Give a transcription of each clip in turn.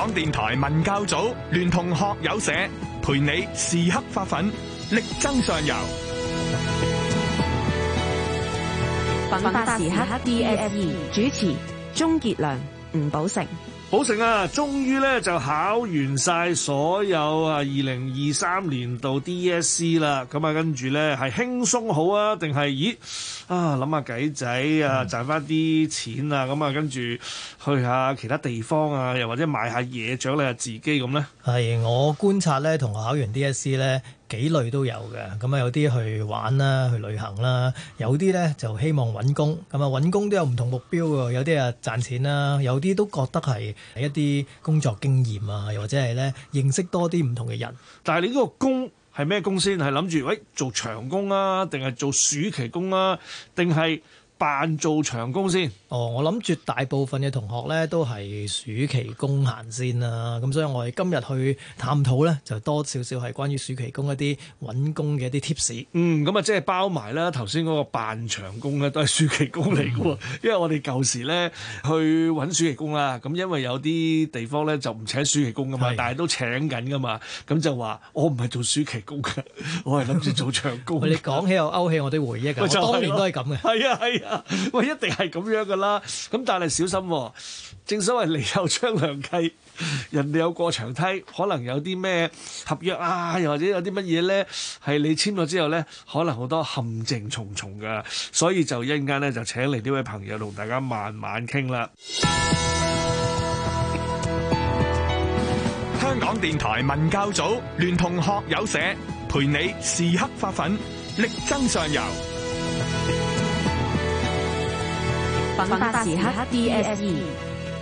港電台文教組聯同學友社陪你時刻發奮，力爭上游。品牌時刻 DSE 主持：鍾杰良、吳寶成。寶成啊，終於咧就考完晒所有啊二零二三年度 DSE 啦，咁啊跟住咧係輕鬆好啊，定係咦啊諗下計仔啊賺翻啲錢啊，咁啊跟住去下其他地方啊，又或者買下嘢獎勵下自己咁咧？係我觀察咧，同學考完 DSE 咧。幾類都有嘅，咁啊有啲去玩啦，去旅行啦，有啲咧就希望揾工，咁啊揾工都有唔同目標㗎，有啲啊賺錢啦，有啲都覺得係一啲工作經驗啊，又或者係咧認識多啲唔同嘅人。但係你呢個工係咩工先？係諗住喂做長工啊，定係做暑期工啊，定係？扮做長工先？哦，我諗絕大部分嘅同學咧都係暑期工行先啦。咁所以我哋今日去探討咧，就多少少係關於暑期工一啲揾工嘅一啲貼士。嗯，咁啊即係包埋啦。頭先嗰個扮長工咧都係暑期工嚟嘅，因為我哋舊時咧去揾暑期工啦。咁因為有啲地方咧就唔請暑期工㗎嘛，但係都請緊㗎嘛。咁就話我唔係做暑期工嘅，我係諗住做長工。你講起又勾起我啲回憶㗎！我當年都係咁嘅。係啊，係啊。喂，一定係咁樣噶啦，咁但係小心，正所謂你有張良計，人哋有過長梯，可能有啲咩合約啊，又或者有啲乜嘢呢，係你簽咗之後呢，可能好多陷阱重重噶，所以就一陣間呢就請嚟呢位朋友同大家慢慢傾啦。香港電台文教組聯同學友社，陪你時刻發奮，力爭上游。奮發時刻 DSE，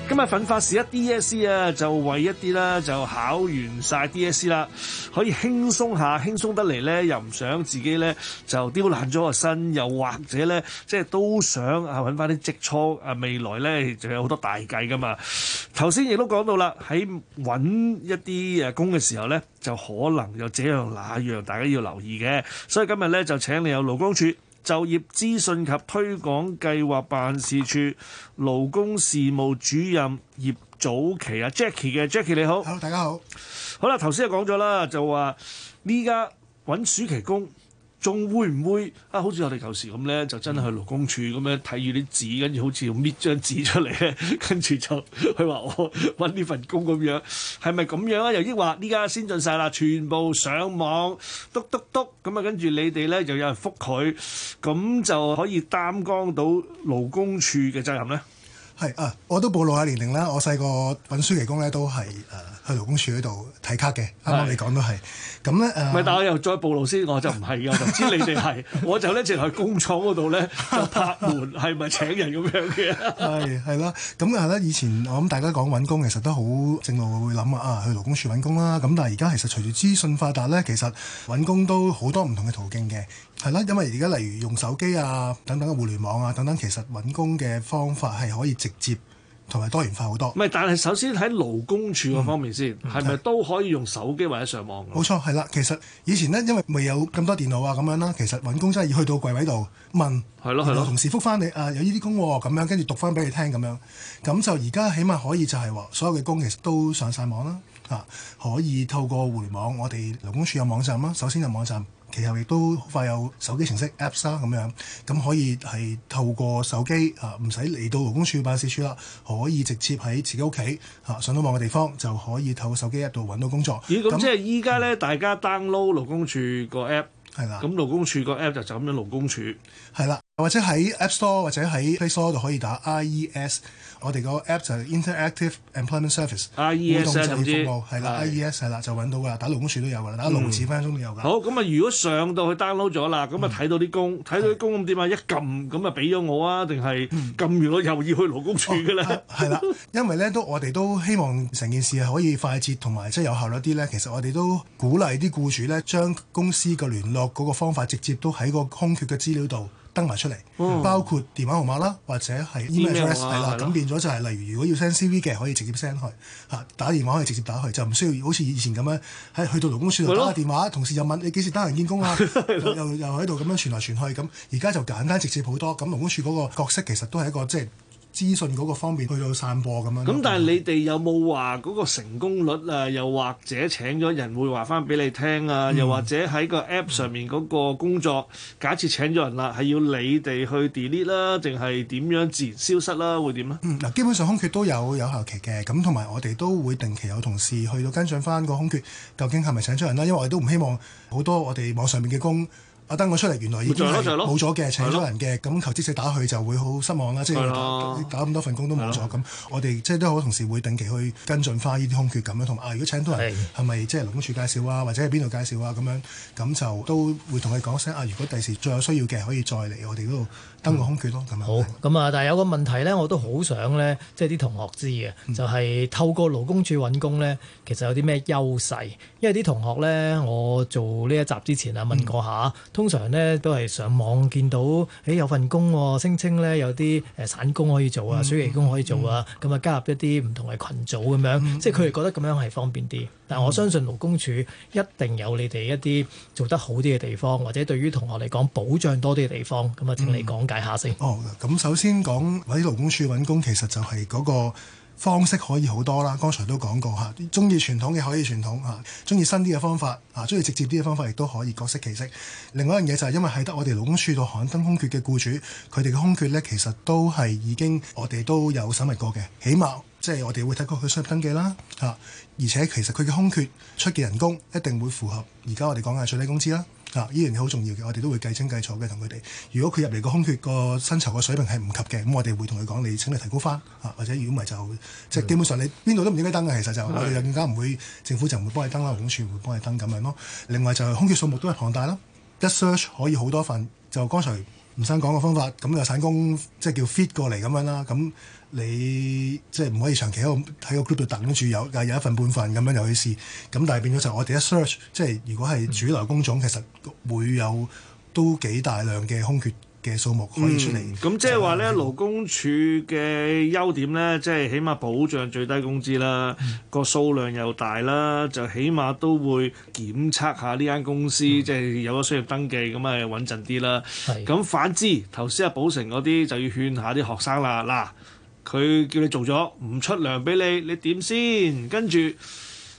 今日奮發時刻 DSE 啊，就為一啲啦，就考完晒 DSE 啦，可以輕鬆下，輕鬆得嚟咧，又唔想自己咧就刁爛咗個身，又或者咧即係都想啊揾翻啲積蓄啊，未來咧就有好多大計噶嘛。頭先亦都講到啦，喺揾一啲誒工嘅時候咧，就可能有這樣那樣，大家要留意嘅。所以今日咧就請你有勞工處。就業資訊及推廣計劃辦事處勞工事務主任葉祖祺啊，Jackie 嘅 Jackie 你好，Hello 大家好，好啦，頭先就講咗啦，就話呢家揾暑期工。仲會唔會啊？好似我哋舊時咁咧，就真係去勞工處咁樣睇住啲紙，跟住好似搣張紙出嚟，跟住就佢話我搵呢份工咁樣，係咪咁樣啊？又抑話呢家先進晒啦，全部上網，督督督咁啊！跟住你哋咧就有人覆佢，咁就可以擔當到勞工處嘅責任咧。係啊，我都暴露下年齡啦。我細個揾暑期工咧，都係誒、呃、去勞工處嗰度睇卡嘅。啱啱是你講都係，咁咧誒。唔係，但係我又再暴露先， 我就唔係噶。唔知你哋係，我就咧 直頭喺工廠嗰度咧就拍門，係咪 請人咁樣嘅？係係啦。咁啊、嗯，以前我諗大家講揾工，其實都好正路會諗啊，去勞工處揾工啦。咁但係而家其實隨住資訊發達咧，其實揾工都好多唔同嘅途徑嘅。係啦，因為而家例如用手機啊、等等嘅互聯網啊、等等，其實揾工嘅方法係可以直接同埋多元化好多。唔係，但係首先喺勞工處嗰方面先，係咪、嗯嗯、都可以用手機或者上網？冇錯，係啦。其實以前呢，因為未有咁多電腦啊，咁樣啦，其實揾工真係要去到櫃位度問。係咯，同同事覆翻你啊，有呢啲工喎、啊，咁樣跟住讀翻俾你聽咁樣。咁就而家起碼可以就係、是、話，所有嘅工其實都上晒網啦、啊。啊，可以透過互聯網，我哋勞工處有網站啦、啊。首先有網站。其實亦都好快有手機程式 Apps 咁、啊、樣咁可以係透過手機啊，唔使嚟到勞工處辦事處啦，可以直接喺自己屋企嚇上到網嘅地方就可以透過手機一度揾到工作。咦，咁即係依家呢，大家 download 勞工處個 App 係啦，咁勞工處個 App 就、就咁樣勞工處係啦。或者喺 App Store 或者喺 Play Store 度可以打 I E S，我哋個 app 就 Interactive Employment Service，互 R ies, 動就業服務係啦，I E S 係啦，就揾到噶啦。打勞工處都有噶啦，嗯、打勞士翻鐘都有噶。好咁啊，如果上到去 download 咗啦，咁啊睇到啲工，睇、嗯、到啲工咁點啊？一撳咁啊，俾咗我啊，定係撳完我、嗯、又要去勞工處噶咧？係啦、哦、啊、 因為咧都我哋都希望成件事係可以快捷同埋即係有效率啲咧。其實我哋都鼓勵啲僱主咧，將公司個聯絡嗰個方法直接都喺個空缺嘅資料度。登埋出嚟，包括電話號碼啦，或者係 email，係啦、e。咁了了變咗就係、是，例如如果要 send CV 嘅，可以直接 send 去吓，打電話可以直接打去，就唔需要好似以前咁樣喺去到勞工處度打下電話，了同事又問你幾時得閒見工啊， 了又又喺度咁樣傳來傳去。咁而家就簡單直接好多，咁勞工處嗰個角色其實都係一個即係，就是資訊嗰個方面去到散播咁樣，咁但係你哋有冇話嗰個成功率啊？又或者請咗人會話翻俾你聽啊？嗯、又或者喺個 app 上面嗰個工作，假設請咗人啦，係要你哋去 delete 啦，定係點樣自然消失啦？會點啊？嗱，基本上空缺都有有效期嘅，咁同埋我哋都會定期有同事去到跟上翻個空缺，究竟係咪請出人啦？因為我哋都唔希望好多我哋網上面嘅工。阿登我出嚟，原來已經冇咗嘅，的請咗人嘅，咁的求職者打去就會好失望啦。的即係打咁的多份工都冇咗，咁的我哋即係都好，同事會定期去跟進翻呢啲空缺咁樣。同埋，如果請到人係咪的即係勞工處介紹啊，或者係邊度介紹啊咁樣，咁就都會同佢講聲啊。如果第時再有需要嘅，可以再嚟我哋嗰度。登個空缺咯咁樣。好咁啊！但係有個問題呢，我都好想呢，即係啲同學知嘅，就係透過勞工處揾工呢，其實有啲咩優勢？因為啲同學呢，我做呢一集之前啊，問過下，通常呢，都係上網見到，誒有份工，聲稱呢，有啲散工可以做啊，暑期工可以做啊，咁啊加入一啲唔同嘅群組咁樣，即係佢哋覺得咁樣係方便啲。但係我相信勞工處一定有你哋一啲做得好啲嘅地方，或者對於同學嚟講保障多啲嘅地方。咁啊，請你講。哦，咁首先講喺勞工處揾工，其實就係嗰個方式可以好多啦。剛才都講過嚇，中意傳統嘅可以傳統嚇，中意新啲嘅方法嚇，中意直接啲嘅方法亦都可以各適其適。另外一樣嘢就係因為係得我哋勞工處度刊登空缺嘅僱主，佢哋嘅空缺呢，其實都係已經我哋都有審核過嘅，起碼即係、就是、我哋會睇過佢商業登記啦嚇。而且其實佢嘅空缺出嘅人工一定會符合而家我哋講嘅最低工資啦。啊，依然係好重要嘅，我哋都會計清計楚嘅同佢哋。如果佢入嚟個空缺個薪酬個水平係唔及嘅，咁、嗯、我哋會同佢講，你請你提高翻啊，或者如果唔係就即係基本上你邊度都唔應該登嘅。其實就我哋更加唔會的政府就唔會幫你登啦，總署會幫你登咁樣咯。另外就係、是、空缺數目都係龐大啦，一 search 可以好多份。就剛才。唔使講個方法，咁就散工，即係叫 fit 過嚟咁樣啦。咁你即係唔可以長期喺度，喺個 group 度等住有，有一份半份咁樣又去試，咁但係變咗就我哋一 search，即係如果係主流工種其實會有都幾大量嘅空缺。嘅數目可以出嚟，咁、嗯、即係話咧勞工處嘅優點咧，即、就、係、是、起碼保障最低工資啦，個、嗯、數量又大啦，就起碼都會檢測下呢間公司，即係、嗯、有咗商業登記咁係穩陣啲啦。咁是反之，頭先阿保成嗰啲就要勸下啲學生啦。嗱，佢叫你做咗唔出糧俾你，你點先？跟住。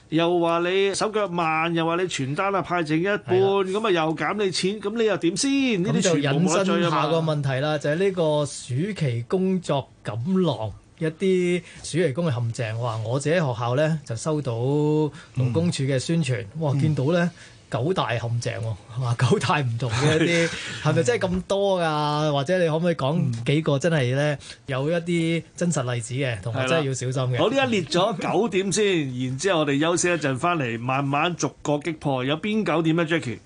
又話你手腳慢，又話你傳單啊派剩一半，咁啊的又減你錢，咁你又點先？呢啲就引申下個問題啦， 就係呢個暑期工作錦囊一啲暑期工嘅陷阱。我話我自己喺學校呢，就收到勞工處嘅宣傳，嗯、哇，見到呢。嗯九大陷阱喎，哇！九大唔同嘅一啲，係咪 真係咁多噶、啊？或者你可唔可以講幾個真係呢？有一啲真實例子嘅？同埋真係要小心嘅。我呢一列咗九點先， 然之後我哋休息一陣翻嚟，慢慢逐個擊破。有邊九點呢、啊、j a c k i e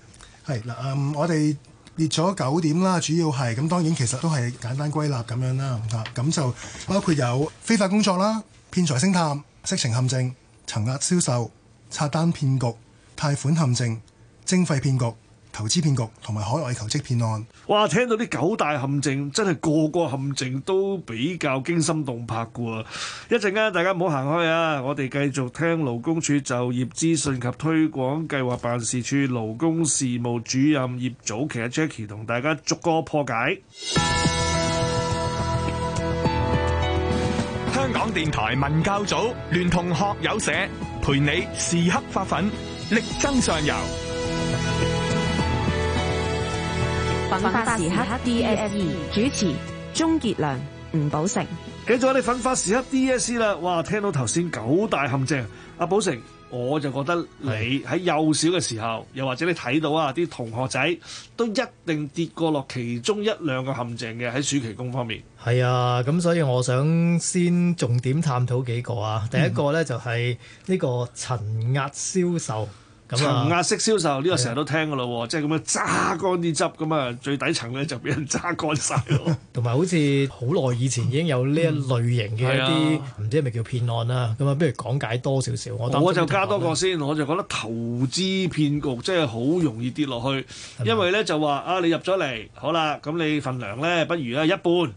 Jackie 係嗱、嗯，我哋列咗九點啦，主要係咁，當然其實都係簡單歸納咁樣啦。咁就包括有非法工作啦、騙財星探、色情陷阱、層壓銷售、刷單騙局、貸款陷阱。徵費騙局、投資騙局同埋海外求職騙案，哇！聽到啲九大陷阱，真係個個陷阱都比較驚心動魄嘅喎。一陣間大家唔好行開啊！我哋繼續聽勞工處就業資訊及推廣計劃辦事處勞工事務主任葉祖祺阿 Jacky 同大家逐個破解。香港電台文教組聯同學友社陪你時刻發奮，力爭上游。奮發時刻 DSE 主持，鍾杰良、吳寶成，繼續我哋奮發時刻 DSE 啦。SE, 哇，聽到頭先九大陷阱，阿寶成，我就覺得你喺是幼小嘅時候，又或者你睇到啊，啲同學仔都一定跌過落其中一兩個陷阱嘅，喺暑期工方面。係啊，咁所以我想先重點探討幾個啊。第一個咧、嗯、就係呢個層壓銷售。層壓式銷售呢個成日都聽嘅咯喎，是啊、即係咁樣揸乾啲汁咁啊，最底層咧就俾人揸乾晒咯。同埋好似好耐以前已經有呢一類型嘅一啲唔、嗯啊、知係咪叫騙案啦、啊，咁、嗯、啊不如講解多少少。我，我就加多個、啊、先，我就覺得投資騙局即係好容易跌落去，因為咧是、啊、就話啊你入咗嚟好啦，咁你份糧咧不如咧一半。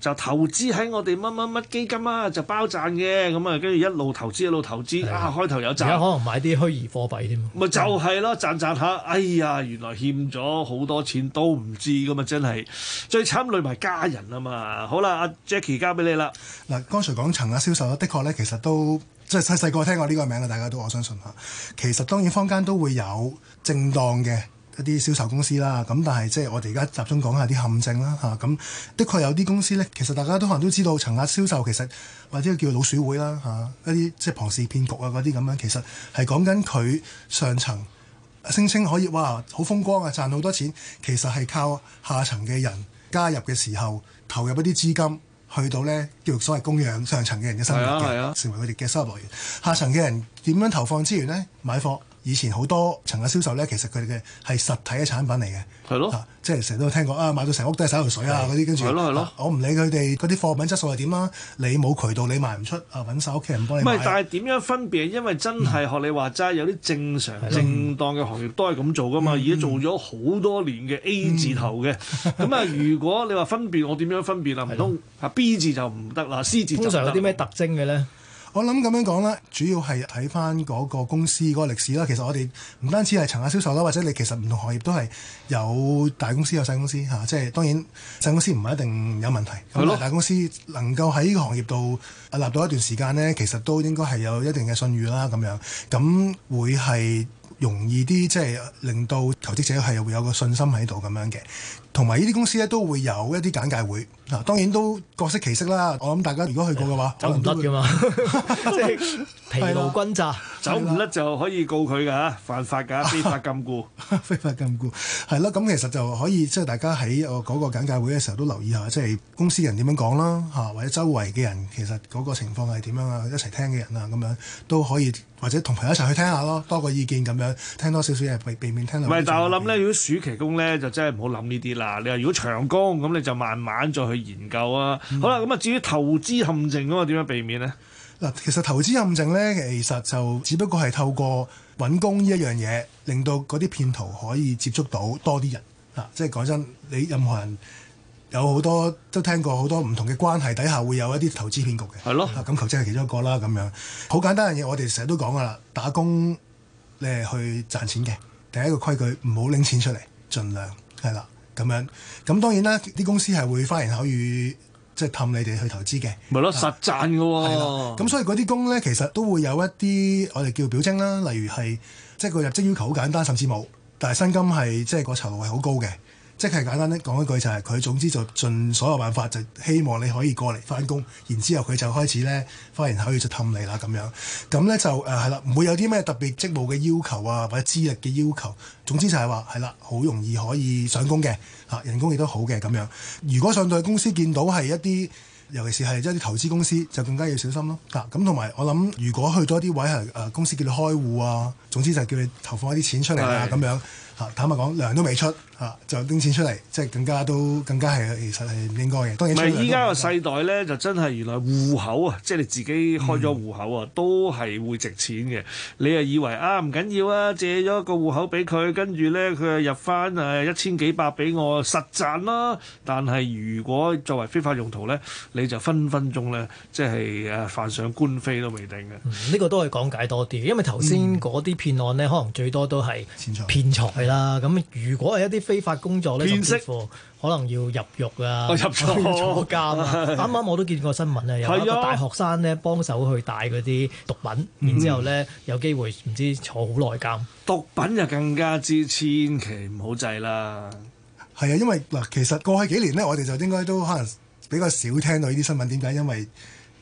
就投資喺我哋乜乜乜基金啊，就包賺嘅咁啊，跟住一路投資一路投資的啊，開頭有賺。而家可能買啲虛擬貨幣添、啊。咪就係咯，賺賺下，哎呀，原來欠咗好多錢都唔知㗎嘛，真係最慘累埋家人啊嘛。好啦，阿、啊、Jacky 交俾你啦。嗱，剛才講層壓銷售啦，的確咧，其實都即係細細個聽過呢個名啦，大家都我相信吓。其實當然坊間都會有正當嘅。一啲銷售公司啦，咁但係即係我哋而家集中講下啲陷阱啦，嚇，咁、啊、的確有啲公司呢，其實大家都可能都知道層壓銷售，其實或者叫老鼠會啦嚇、啊，一啲即係龐氏騙局啊嗰啲咁樣，其實係講緊佢上層聲稱可以哇好風光啊賺好多錢，其實係靠下層嘅人加入嘅時候投入一啲資金去到呢叫做所謂供養上層嘅人嘅生活，成為佢哋嘅收入來源。下層嘅人點樣投放資源呢？買貨。以前好多層嘅銷售咧，其實佢哋嘅係實體嘅產品嚟嘅，係咯，即係成日都聽講啊，買到成屋都係洗頭水啊嗰啲，跟住係咯係咯，我唔理佢哋嗰啲貨品質素係點啦，你冇渠道你賣唔出啊，搵晒屋企人幫你買。唔係，但係點樣分別？因為真係學你話齋，有啲正常正當嘅行業都係咁做㗎嘛，而家做咗好多年嘅 A 字頭嘅，咁啊，如果你話分別，我點樣分別啊？唔通啊 B 字就唔得啦，C 字就通常有啲咩特徵嘅咧？我諗咁樣講啦，主要係睇翻嗰個公司嗰個歷史啦。其實我哋唔單止係層壓銷售啦，或者你其實唔同行業都係有大公司有細公司嚇、啊。即係當然細公司唔係一定有問題。的大公司能夠喺呢個行業度立到一段時間呢，其實都應該係有一定嘅信譽啦。咁樣咁會係容易啲，即係令到求職者係會有個信心喺度咁樣嘅。同埋呢啲公司咧都會有一啲簡介會，嗱、啊、當然都各色其色啦。我諗大家如果去過嘅話，哎、走唔甩嘅嘛，即係咯，疲勞轟炸的走唔甩就可以告佢嘅的犯法嘅非法禁錮，非法禁錮係咯。咁、 嗯、其實就可以即係大家喺我嗰個簡介會嘅時候都留意下，即係公司人點樣講啦，嚇或者周圍嘅人其實嗰個情況係點樣啊？一齊聽嘅人啊咁樣都可以，或者同朋友一齊去聽下咯，多個意見咁樣，聽多少少嘢避免聽唔但我諗咧，如果暑期工咧，就真係唔好諗呢啲。嗱，你話如果長工咁，你就慢慢再去研究啊。嗯、好啦，咁啊至於投資陷阱咁啊，點樣避免呢？嗱，其實投資陷阱呢，其實就只不過係透過揾工呢一樣嘢，令到嗰啲騙徒可以接觸到多啲人。啊，即係講真，你任何人有好多都聽過好多唔同嘅關係底下會有一啲投資騙局嘅，係是咯、啊。咁求職係其中一個啦，咁樣好簡單嘅嘢。我哋成日都講噶啦，打工你係去賺錢嘅，第一個規矩唔好拎錢出嚟，盡量係啦。咁樣，咁當然啦，啲公司係會花言巧語，即係氹你哋去投資嘅。咪咯，實賺㗎喎、啊。咁、啊、所以嗰啲工咧，其實都會有一啲我哋叫表徵啦，例如係即係個入職要求好簡單，甚至冇，但係薪金係即係個酬勞係好高嘅。即係簡單咧講一句就係佢總之就盡所有辦法就希望你可以過嚟翻工，然之後佢就開始呢，花言巧語就氹你啦咁樣。咁呢就誒係啦，唔會有啲咩特別職務嘅要求啊，或者資歷嘅要求。總之就係話係啦，好容易可以上工嘅嚇，人工亦都好嘅咁樣。如果上到去公司見到係一啲，尤其是係一啲投資公司，就更加要小心咯。嚇咁同埋我諗，如果去到一啲位係公司叫你開戶啊，總之就叫你投放一啲錢出嚟啊咁樣嚇。坦白講，糧都未出。啊，就拎錢出嚟，即係更加都更加係，其實係唔應該嘅。當然唔係依家個世代咧，就真係原來戶口啊，嗯、即係你自己開咗戶口啊，都係會值錢嘅。你誒以為啊唔緊要啊，借咗一個戶口俾佢，跟住咧佢又入翻誒一千幾百俾我實賺啦。但係如果作為非法用途咧，你就分分鐘咧，即係誒、啊、犯上官非都未定嘅。呢、嗯呢個都可以講解多啲，因為頭先嗰啲騙案咧，嗯、可能最多都係騙財、嗯嗯、啦。咁如果係一啲，非法工作咧，甚至乎可能要入獄啊，入座坐監，啊。啱啱是我都見過新聞啊，有一個大學生咧幫手去帶嗰啲毒品，然之後咧、嗯、有機會唔知坐好耐監。毒品就更加之千祈唔好制啦。係啊，因為嗱、呃，其實過去幾年咧，我哋就應該都可能比較少聽到呢啲新聞。點解？因為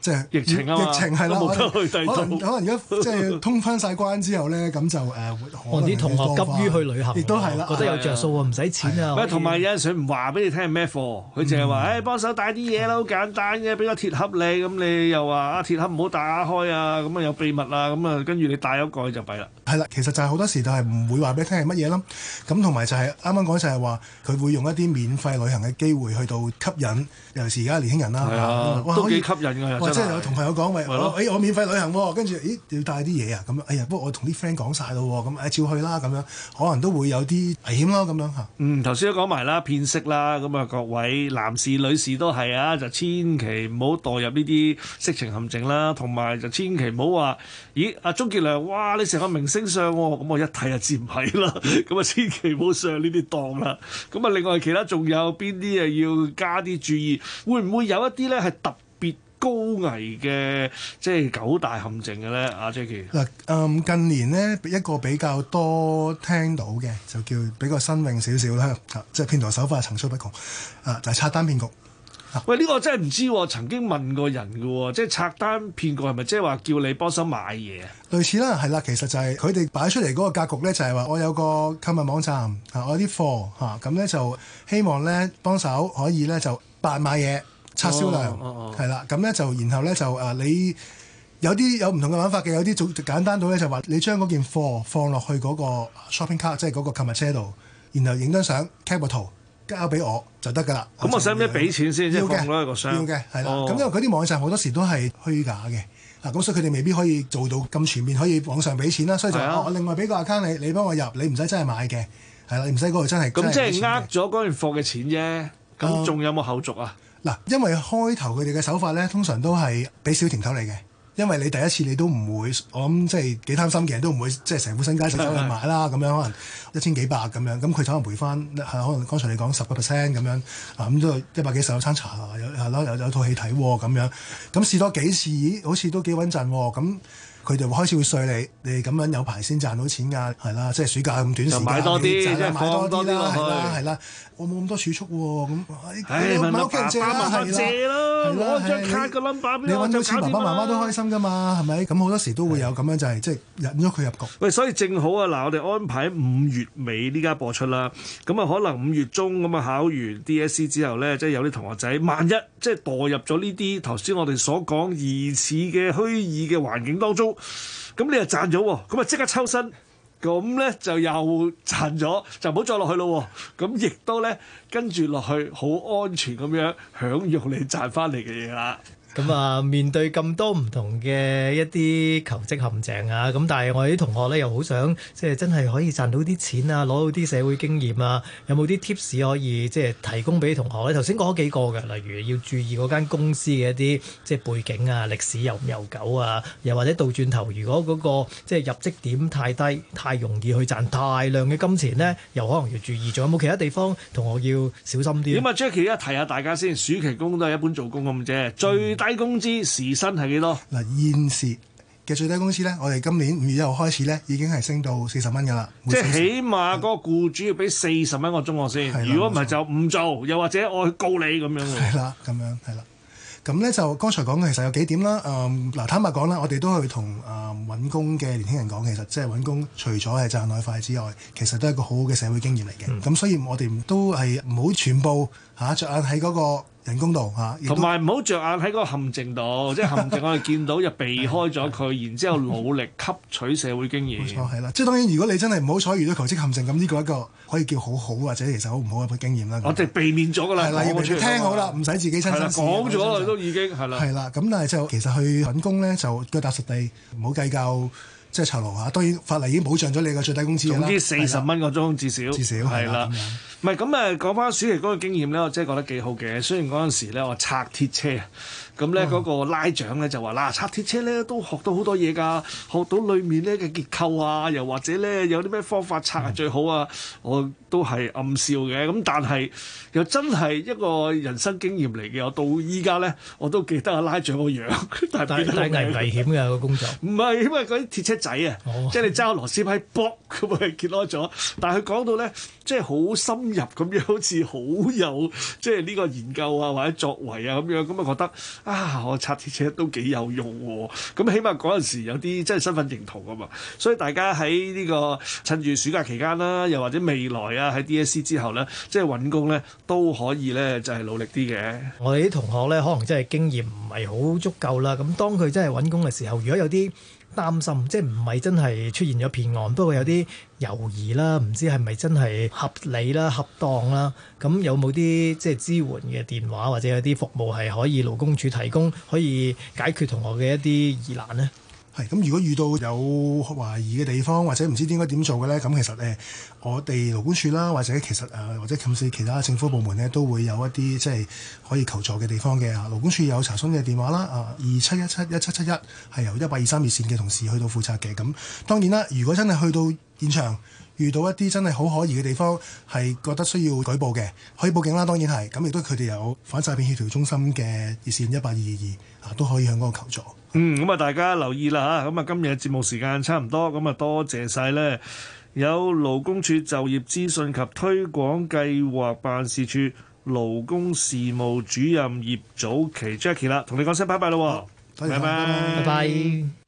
即係疫情啊！疫情係啦，可能可能而家即係通翻晒關之後咧，咁就誒啲同學急於去旅行，亦都係啦，覺得有着數喎，唔使錢啊。同埋有陣時唔話俾你聽係咩貨，佢淨係話誒幫手帶啲嘢啦，好簡單嘅，俾個鐵盒你，咁你又話啊鐵盒唔好打開啊，咁啊有秘密啊，咁啊跟住你帶咗過去就弊啦。係啦，其實就係好多時就係唔會話俾你聽係乜嘢咯。咁同埋就係啱啱講就係話佢會用一啲免費旅行嘅機會去到吸引尤其是而家年輕人啦。係啊，都幾吸引㗎。即係有同朋友講咪，誒的、哎、我免費旅行、啊，跟住咦要帶啲嘢啊咁啊，哎呀，不過我同啲 friend 講晒咯，咁、嗯、誒照去啦咁樣，可能都會有啲危險咯、啊、咁樣嚇。嗯，頭先都講埋啦，騙色啦，咁啊各位男士女士都係啊，就千祈唔好墮入呢啲色情陷阱啦，同埋就千祈唔好話，咦阿鍾傑良，哇你成個明星相喎、啊，咁我一睇就知唔係啦，咁 啊千祈唔好上呢啲當啦。咁啊另外其他仲有邊啲啊要加啲注意？會唔會有一啲咧係特別特別？高危嘅即係九大陷阱嘅咧，阿、啊、Jackie 嗱，嗯，近年咧一個比較多聽到嘅就叫比較新穎少少啦，嚇、啊，即係騙徒手法層出不窮，啊，就係、是、刷單騙局。啊、喂，呢、這個我真係唔知喎、啊，曾經問過人嘅喎、啊，即係刷單騙局係咪即係話叫你幫手買嘢啊？類似啦，係啦，其實就係佢哋擺出嚟嗰個格局咧，就係、是、話我有個購物網站，啊，我啲貨嚇，咁、啊、咧就希望咧幫手可以咧就扮買嘢。刷銷量係啦，咁咧、哦啊啊、就然後咧就誒你有啲有唔同嘅玩法嘅，有啲仲簡單到咧就話你將嗰件貨放落去嗰個 shopping cart，即係嗰個購物車度，然後影張相 cap 圖交俾我就得噶啦。咁、嗯、我使唔使俾錢先？要嘅，用要嘅係啦。咁、哦、因為嗰啲網站好多時都係虛假嘅，啊咁所以佢哋未必可以做到咁全面可以網上俾錢啦。所以就、哦、我另外俾個 account 你，你幫我入，你唔使真係買嘅，係啦，你唔使嗰度真係。咁即係呃咗嗰件貨嘅錢啫。咁仲、啊啊、有冇後續啊？嗱，因為開頭佢哋嘅手法咧，通常都係俾小甜頭你嘅，因為你第一次你都唔會，我諗即係幾貪心嘅人都唔會即係成副身家手頭去買啦，咁 樣可能一千幾百咁樣，咁佢可能賠翻，係可能剛才你講十個 percent 咁樣，咁都一百幾十有餐茶，有係咯，有有套戲睇喎咁樣，咁試多幾次，好似都幾穩陣喎、啊，咁。佢哋就開始會衰你，你咁樣有排先賺到錢㗎，係啦，即係暑假咁短時間，買多啲即係買多啲啦，係啦係啦，我冇咁多儲蓄喎，咁喺屋企借啦，攞張卡個 number 俾你揾到錢，爸爸媽媽都開心㗎嘛，係咪？咁好多時都會有咁樣就係即係引咗佢入局。喂，所以正好啊，嗱，我哋安排五月尾呢家播出啦，咁啊可能五月中咁啊考完 DSE 之後咧，即係有啲同學仔萬一即係墮入咗呢啲頭先我哋所講疑似嘅虛擬嘅環境當中。咁你又賺咗喎，咁啊即刻抽身，咁咧就又賺咗，就唔好再落去咯。咁亦都咧跟住落去，好安全咁樣享用你賺翻嚟嘅嘢啦。咁啊， 面對咁多唔同嘅一啲求職陷阱啊，咁但係我啲同學咧又好想即係真係可以賺到啲錢啊，攞到啲社會經驗啊，有冇啲 tips 可以即係提供俾同學咧？頭先講咗幾個嘅，例如要注意嗰間公司嘅一啲即係背景啊、歷史悠唔悠久啊，又或者倒轉頭，如果嗰、嗰個即係入職點太低、太容易去賺大量嘅金錢咧，又可能要注意。仲有冇其他地方同學要小心啲？咁啊，Jackie 一提下大家先，暑期工都係一般做工咁啫，最低。低工資時薪係幾多？嗱，現時嘅最低工資呢，我哋今年五月一號開始咧，已經係升到四十蚊㗎啦。即係起碼個僱主要俾四十蚊個鐘我先，如果唔係就唔做，又或者我去告你咁樣，樣。係啦，咁樣係啦。咁呢就剛才講嘅其實有幾點啦。嗯，嗱坦白講啦，我哋都去同誒揾工嘅年輕人講，其實即係揾工，除咗係賺外快之外，其實都係一個好好嘅社會經驗嚟嘅。咁、嗯、所以我哋都係唔好全部。吓、啊，著眼喺嗰個人工度吓，同埋唔好着眼喺嗰個陷阱度， 即係陷阱我哋見到就避開咗佢， 然之後努力吸取社會經驗。係啦， 即係當然，如果你真係唔好彩遇到求職陷阱，咁呢個一個可以叫好好或者其實好唔好嘅一個經驗啦。了我哋避免咗㗎啦，例如聽好啦，唔使自己親身試。講咗啦，都已經係啦。係啦，咁但係就其實去揾工咧，就腳踏實地，唔好計較。即係酬勞嚇，當然法例已經保障咗你嘅最低工資啦。總之四十蚊個鐘至少，至少，係啦。唔係咁誒，講翻暑期工嗰個經驗咧，我真係覺得幾好嘅。雖然嗰陣時咧，我拆鐵車。咁咧嗰個拉長咧就話，嗱，拆鐵車咧都學到好多嘢㗎，學到裡面咧嘅結構啊，又或者咧有啲咩方法拆係最好啊，嗯、我都係暗笑嘅。咁但係又真係一個人生經驗嚟嘅，我到依家咧我都記得阿、啊、拉長個樣。但係危危險嘅、啊嗰個工作，唔係因為嗰啲鐵車仔啊，即係你揸螺絲批剝咁咪揭開咗。但係佢講到咧，即係好深入咁樣，好似好有即係呢個研究啊或者作為啊咁樣，咁咪覺得。啊！我拆鐵車都幾有用喎，咁起碼嗰陣時有啲真係身份認同㗎嘛，所以大家喺呢個趁住暑假期間啦，又或者未來啊，喺 DSE 之後咧，即係揾工咧都可以咧，就係努力啲嘅。我哋啲同學咧，可能真係經驗唔係好足夠啦，咁當佢真係揾工嘅時候，如果有啲。擔心，即係唔係真係出現咗騙案？不過有啲猶疑啦，唔知係咪真係合理啦、恰當啦？咁有冇啲即係支援嘅電話或者有啲服務係可以勞工處提供，可以解決同學嘅一啲疑難呢？係咁，如果遇到有懷疑嘅地方，或者唔知應該點做嘅呢，咁其實誒，我哋勞工處啦，或者其實誒，或者甚至其他政府部門呢，都會有一啲即係可以求助嘅地方嘅。勞工處有查詢嘅電話啦，啊二七一七一七七一係由一八二三熱線嘅同事去到負責嘅。咁當然啦，如果真係去到現場，遇到一啲真係好可疑嘅地方，係覺得需要舉報嘅，可以報警啦，當然係。咁亦都佢哋有反詐騙協調中心嘅熱線一八二二二，啊都可以向嗰個求助。嗯，咁啊，大家留意啦嚇。咁啊，今日嘅節目時間差唔多，咁啊，多謝晒呢。有勞工處就業資訊及推廣計劃辦事處勞工事務主任葉祖祺 Jackie 啦，同你講聲拜拜咯。拜拜，拜拜。拜拜，拜拜。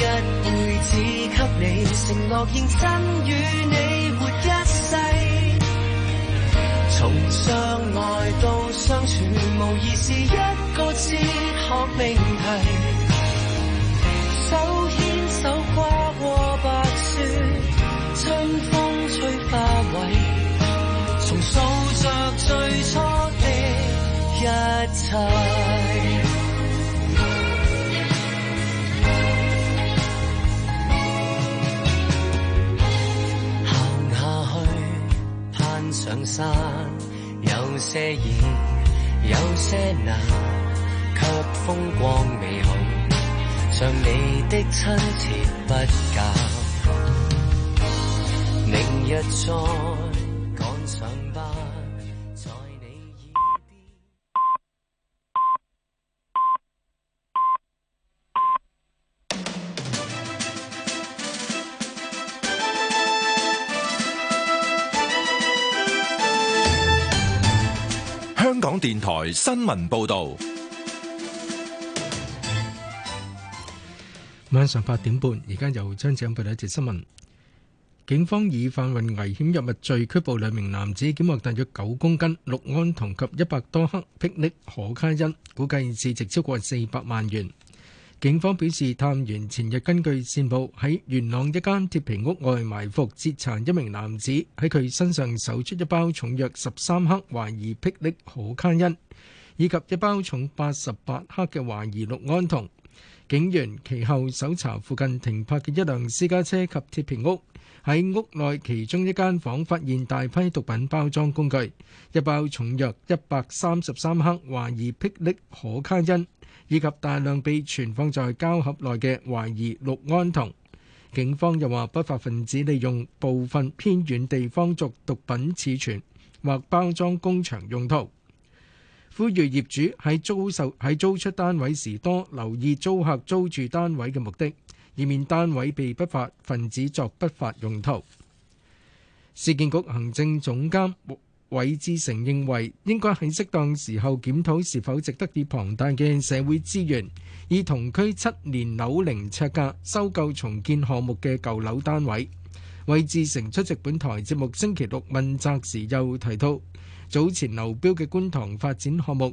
一輩子給你承諾，認真與你活一世。從相愛到相處，無疑是一個哲學命題。手牽手跨過白雪，春風吹花蕊，重數着最初的一切。有些易，有些難，卻風光美好，像你的親切不假。明日再。電台新聞報道，晚上八點半，而家又將報道一節新聞。警方以販運危險藥物罪拘捕兩名男子，檢獲大約九公斤氯胺酮及一百多克霹靂可卡因，估計市值超過四百萬元。警方表示，探員前日根據線報喺元朗一間鐵皮屋外埋伏，截殘一名男子，喺佢身上搜出一包重約十三克懷疑霹靂可卡因，以及一包重八十八克嘅懷疑氯胺酮。警員其後搜查附近停泊嘅一輛私家車及鐵皮屋。喺屋內其中一間房發現大批毒品包裝工具，一包重約一百三十三克懷疑霹靂可卡因，以及大量被存放在膠盒內嘅懷疑氯胺酮。警方又話，不法分子利用部分偏遠地方作毒品儲存或包裝工場用途，呼籲業主喺租售喺租出單位時多留意租客租住單位嘅目的。以免單位被不法分子作不法用途。市建局行政總監韋志成認為，應該喺適當時候檢討是否值得以龐大嘅社會資源，以同區七年樓齡呎價收購重建項目嘅舊樓單位。韋志成出席本台節目星期六問責時，又提到早前流標嘅觀塘發展項目。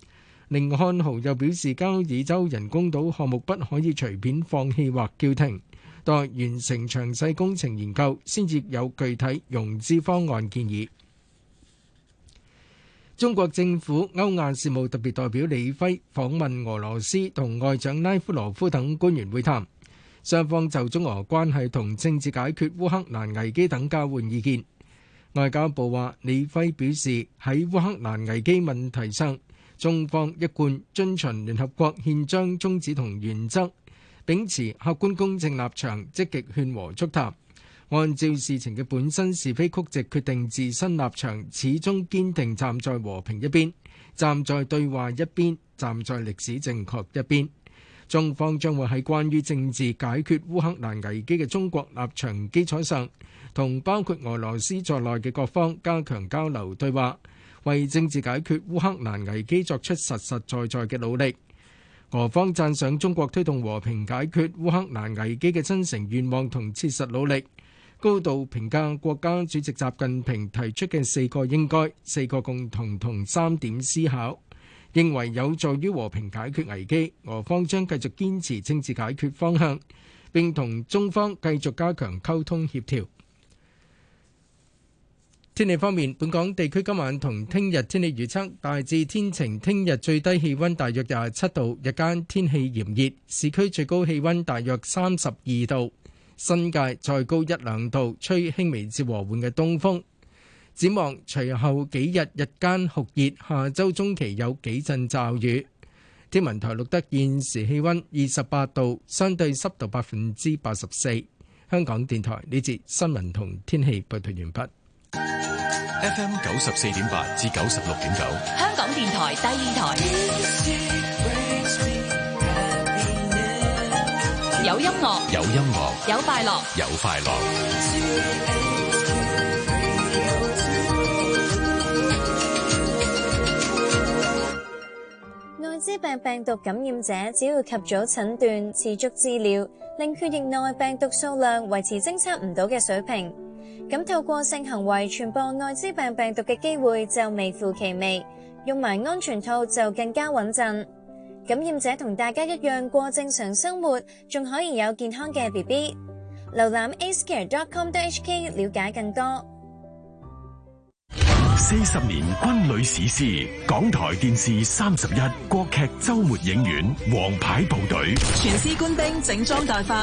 寧漢豪又表示，交椅洲人工島項目不可以隨便放棄或叫停，待完成詳細工程研究，先至有具體融資方案建議。中國政府歐亞事務特別代表李輝訪問俄羅斯，同外長拉夫羅夫等官員會談，雙方就中俄關係同政治解決烏克蘭危機等交換意見。外交部話，李輝表示喺烏克蘭危機問題上，中方一貫遵循聯合國憲章宗旨同原則，秉持客觀公正立場，積極勸和促談，按照事情嘅本身是非曲直決定自身立場，始終堅定站在和平一邊，站在對話一邊，站在歷史正確一邊。中方將會喺關於政治解決烏克蘭危機嘅中國立場基礎上，同包括俄羅斯在內嘅各方加強交流對話。為政治解決烏克蘭危機作出實實在在嘅努力，俄方讚賞中國推動和平解決烏克蘭危機嘅真誠願望同切實努力，高度評價國家主席習近平提出嘅四個應該、四個共同同三點思考，認為有助於和平解決危機。俄方將繼續堅持政治解決方向，並同中方繼續加強溝通協調。天氣方面，本港地區今晚同聽日天氣預測大致天晴。聽日最低氣溫大約廿七度，日間天氣炎熱，市區最高氣溫大約三十二度，新界再高一兩度，吹輕微至和緩嘅東風。展望隨後幾日日間酷熱，下周中期有幾陣驟雨。天文台錄得現時氣溫二十八度，相對濕度百分之八十四。香港電台呢節新聞同天氣報道完畢。F.M. 九十四點八至九十六點九，香港電台第二台。有音樂，有音樂，有快樂，有快樂。艾滋病病毒感染者只要及早診斷，持續治療，令血液內病毒數量維持偵測唔到嘅水平。咁透過性行為傳播艾滋病病毒嘅機會就微乎其微，用埋安全套就更加穩陣。感染者同大家一樣過正常生活，仲可以有健康嘅 B B。瀏覽 a scare dot com dot h k 了解更多。四十年軍旅史詩，港台電視三十一，國劇周末影院，王牌部隊。全師官兵整裝待發。